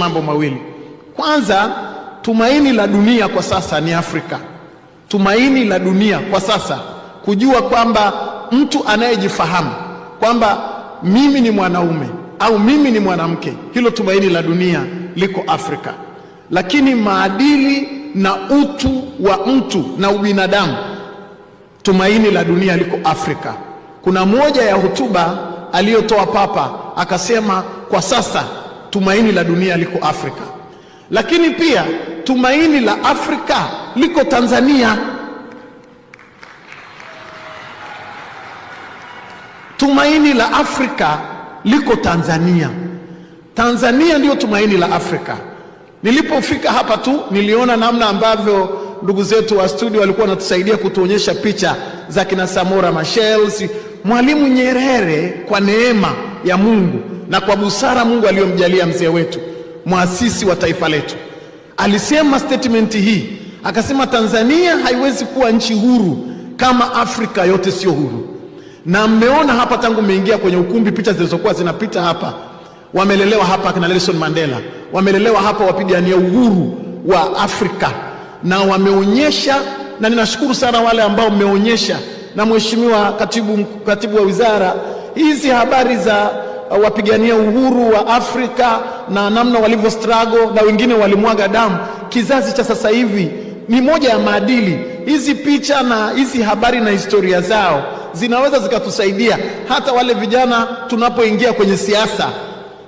mambo mawili. Kwanza, tumaini la dunia kwa sasa ni Afrika. Tumaini la dunia kwa sasa, kujua kwamba mtu anayejifahamu kwamba mimi ni mwanaume au mimi ni mwanamke, hilo tumaini la dunia liko Afrika. Lakini maadili na utu wa mtu na ubinadamu, tumaini la dunia liko Afrika. Kuna moja ya hotuba aliyotoa Papa akasema, kwa sasa tumaini la dunia liko Afrika, lakini pia tumaini la Afrika liko Tanzania. Tumaini la Afrika liko Tanzania. Tanzania ndiyo tumaini la Afrika. Nilipofika hapa tu niliona namna ambavyo ndugu zetu wa studio walikuwa wanatusaidia kutuonyesha picha za kina Samora Machel, Mwalimu Nyerere. Kwa neema ya Mungu na kwa busara Mungu aliyomjalia mzee wetu mwasisi wa taifa letu, alisema statement hii akasema, Tanzania haiwezi kuwa nchi huru kama Afrika yote sio huru. Na mmeona hapa tangu mmeingia kwenye ukumbi, picha zilizokuwa zinapita hapa, wamelelewa hapa akina Nelson Mandela, wamelelewa hapa wapigania uhuru wa Afrika na wameonyesha, na ninashukuru sana wale ambao mmeonyesha, na mheshimiwa katibu, katibu wa wizara hizi habari za wapigania uhuru wa Afrika na namna walivyo struggle na wengine walimwaga damu. Kizazi cha sasa hivi ni moja ya maadili. Hizi picha na hizi habari na historia zao zinaweza zikatusaidia hata wale vijana tunapoingia kwenye siasa,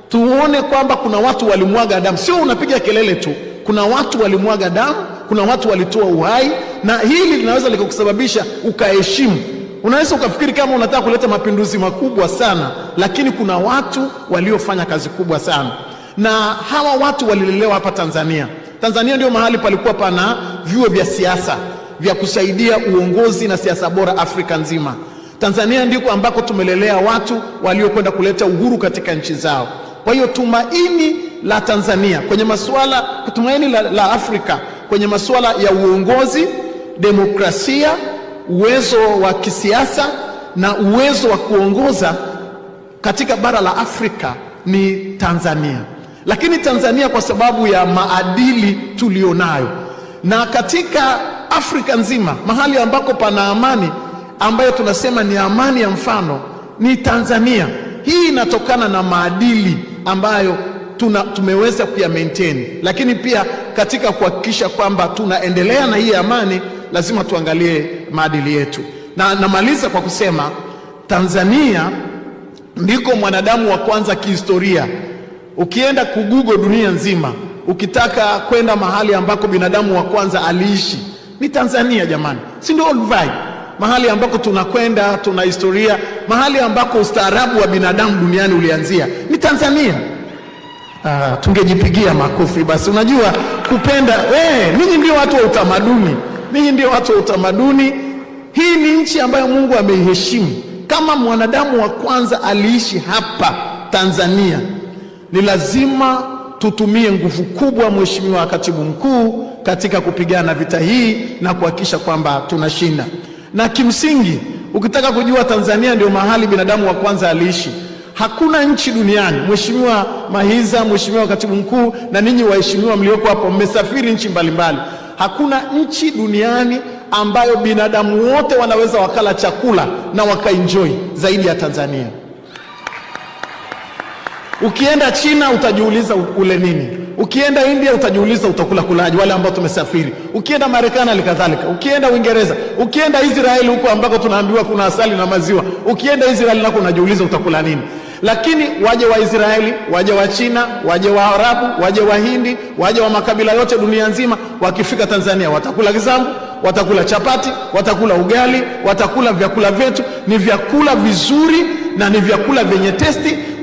tuone kwamba kuna watu walimwaga damu, sio unapiga kelele tu. Kuna watu walimwaga damu, kuna watu walitoa uhai, na hili linaweza likakusababisha ukaheshimu Unaweza ukafikiri kama unataka kuleta mapinduzi makubwa sana, lakini kuna watu waliofanya kazi kubwa sana, na hawa watu walilelewa hapa Tanzania. Tanzania ndio mahali palikuwa pana vyuo vya siasa vya kusaidia uongozi na siasa bora Afrika nzima. Tanzania ndiko ambako tumelelea watu waliokwenda kuleta uhuru katika nchi zao. Kwa hiyo tumaini la Tanzania kwenye masuala, tumaini la, la Afrika kwenye masuala ya uongozi, demokrasia uwezo wa kisiasa na uwezo wa kuongoza katika bara la Afrika ni Tanzania, lakini Tanzania kwa sababu ya maadili tuliyonayo na katika Afrika nzima mahali ambako pana amani ambayo tunasema ni amani ya mfano ni Tanzania. Hii inatokana na maadili ambayo tuna, tumeweza kuya maintain, lakini pia katika kuhakikisha kwamba tunaendelea na hii amani lazima tuangalie maadili yetu. Na namaliza kwa kusema Tanzania ndiko mwanadamu wa kwanza kihistoria. Ukienda kugugo dunia nzima, ukitaka kwenda mahali ambako binadamu wa kwanza aliishi ni Tanzania. Jamani, si ndio Olduvai, Mahali ambako tunakwenda tuna historia, mahali ambako ustaarabu wa binadamu duniani ulianzia ni Tanzania. Ah, tungejipigia makofi basi. Unajua kupenda, eh, ninyi ndio watu wa utamaduni. Ninyi ndio watu wa utamaduni. Hii ni nchi ambayo Mungu ameiheshimu. Kama mwanadamu wa kwanza aliishi hapa Tanzania, ni lazima tutumie nguvu kubwa, Mheshimiwa Katibu Mkuu, katika kupigana vita hii na kuhakikisha kwamba tunashinda. Na kimsingi, ukitaka kujua Tanzania ndio mahali binadamu wa kwanza aliishi, hakuna nchi duniani. Mheshimiwa Mahiza, Mheshimiwa Katibu Mkuu, na ninyi waheshimiwa mlioko hapo, mmesafiri nchi mbalimbali mbali. Hakuna nchi duniani ambayo binadamu wote wanaweza wakala chakula na wakaenjoy zaidi ya Tanzania. Ukienda China utajiuliza ule nini, ukienda India utajiuliza utakula kulaji, wale ambao tumesafiri. Ukienda Marekani halikadhalika, ukienda Uingereza, ukienda Israeli huko ambako tunaambiwa kuna asali na maziwa, ukienda Israeli nako unajiuliza utakula nini lakini waje wa Israeli, waje wa China, waje wa Arabu, waje wa Hindi, waje wa makabila yote dunia nzima, wakifika Tanzania watakula kizambu, watakula chapati, watakula ugali, watakula vyakula vyetu. Ni vyakula vizuri na ni vyakula vyenye testi.